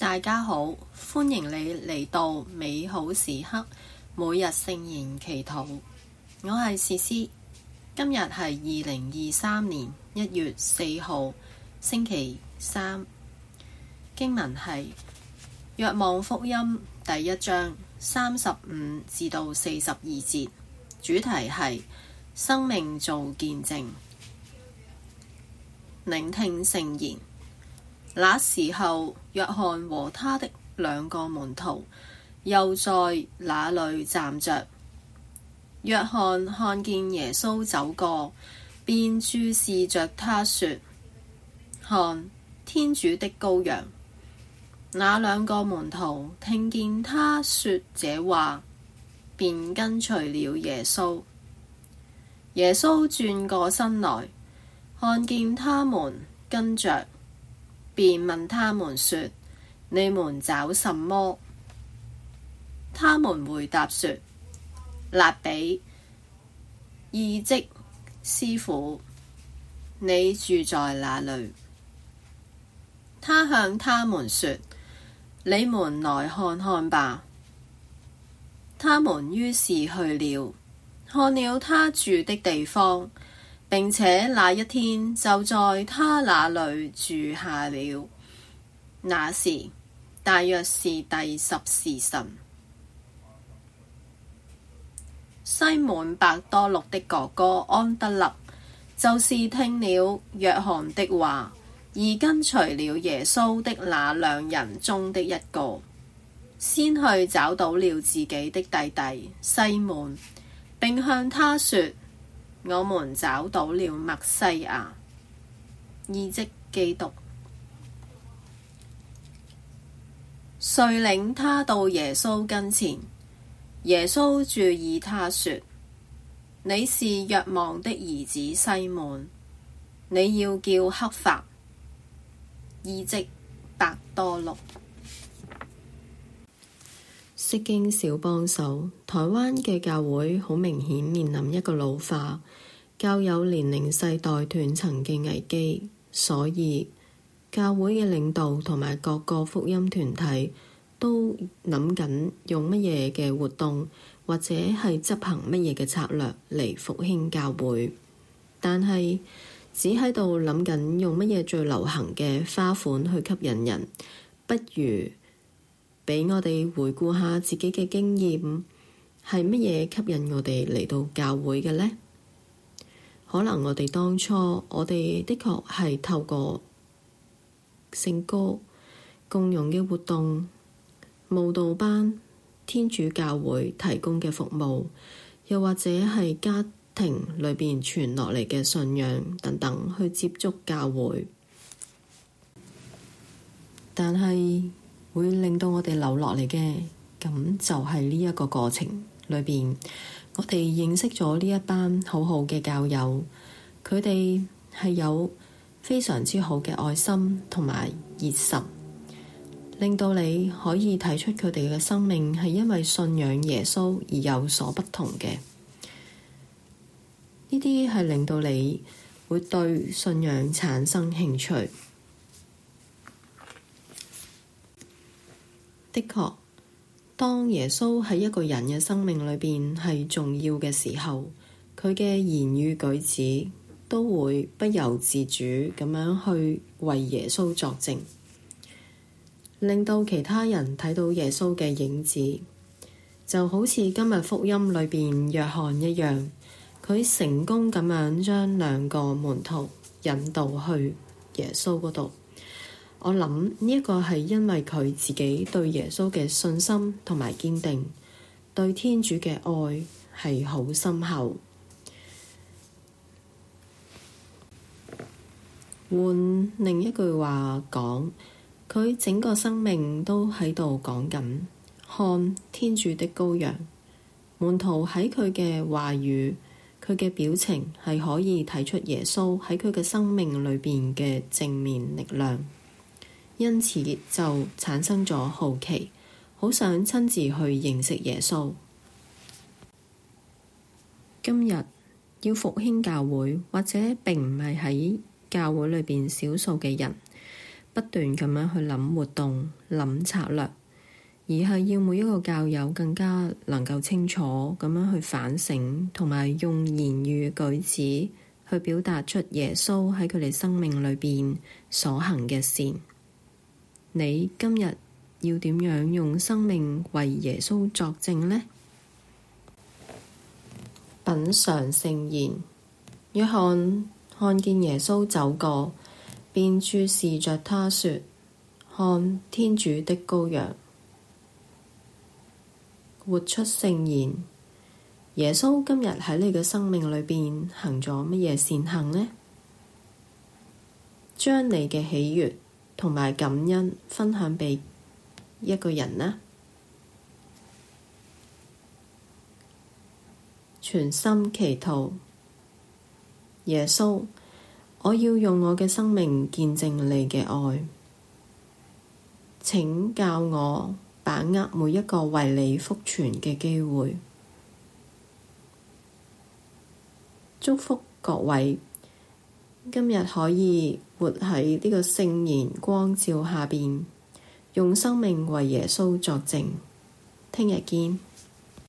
大家好，歡迎你嚟到美好時刻每日聖言祈禱，我係詩詩，今日係二零二三年一月四號星期三，經文係《若望福音》第一章三十五至到四十二節，主題係生命做見證，聆聽聖言。那時候，若翰和他的兩個門徒又在那裏站着。若翰看見耶穌走過，便注視着他說：看，天主的羔羊！那兩個門徒聽見他說這話，便跟隨了耶穌。耶穌轉過身來，看見他們跟着。便問他們說：你們找什麼？他們回答說：辣彼，意即，師傅，你住在哪裏？他向他們說：你們來看看吧。他們於是去了，看了他住的地方。並且那一天就在他那裡住下了。那時，大約是第十時辰，西滿伯多祿的哥哥安德肋，就是聽了若翰的話而跟隨了耶穌的那兩人中的一個，先去找到了自己的弟弟西滿，並向他說。我們找到了默西亞，意即基督。遂領他到耶穌跟前，耶穌注視他說：你是若望的兒子西滿，你要叫刻法，意即伯多祿。釋經小幫手，台灣嘅教會好明顯面臨一個老化、教友年齡世代斷層嘅危機，所以教會嘅領導同埋各個福音團體都諗緊用乜嘢嘅活動或者係執行乜嘢嘅策略嚟復興教會，但係只喺度諗緊用乜嘢最流行嘅花款去吸引人，不如。畀我哋回顧下自己嘅經驗，係乜嘢吸引我哋嚟到教會嘅呢？可能我哋當初，我哋的確係透過聖歌、共融嘅活動、慕道班、天主教會提供嘅服務，又或者係家庭裏邊傳落嚟嘅信仰等等，去接觸教會。但係。會令到我哋留落嚟嘅，咁就係呢一個過程裏邊，我哋認識咗呢一班好好嘅教友，佢哋係有非常之好嘅愛心同埋熱忱，令到你可以睇出佢哋嘅生命係因為信仰耶穌而有所不同嘅。呢啲係令到你會對信仰產生興趣。的確，當耶穌喺一個人嘅生命裏邊係重要嘅時候，佢嘅言語舉止都會不由自主咁樣去為耶穌作證，令到其他人睇到耶穌嘅影子，就好似今日福音裏邊若翰一樣，佢成功咁樣將兩個門徒引導去耶穌嗰度。我諗呢一個係因為佢自己對耶穌嘅信心同埋堅定，對天主嘅愛係好深厚。換另一句話講，佢整個生命都喺度講緊「看，天主的羔羊」，門徒喺佢嘅話語，佢嘅表情係可以睇出耶穌喺佢嘅生命裏邊嘅正面力量。因此就產生咗好奇，好想親自去認識耶穌。今日要復興教會，或者並唔係喺教會裏邊少數嘅人，不斷咁樣去諗活動、諗策略，而係要每一個教友更加能夠清楚咁樣去反省，同埋用言語、舉止去表達出耶穌喺佢哋生命裏邊所行嘅善。你今日要點樣用生命為耶穌作證呢？品嘗聖言，若翰看，看見耶穌走過，便注視着他說：看天主的羔羊。活出聖言，耶穌今日喺你嘅生命裏邊行咗乜嘢善行呢？將你嘅喜悦。同埋感恩分享畀一個人呢？全心祈禱，耶穌，我要用我嘅生命見證你嘅愛。請教我把握每一個為你福傳嘅機會。祝福各位，今日可以，活喺呢個聖言光照下邊，用生命為耶穌作證。聽日見。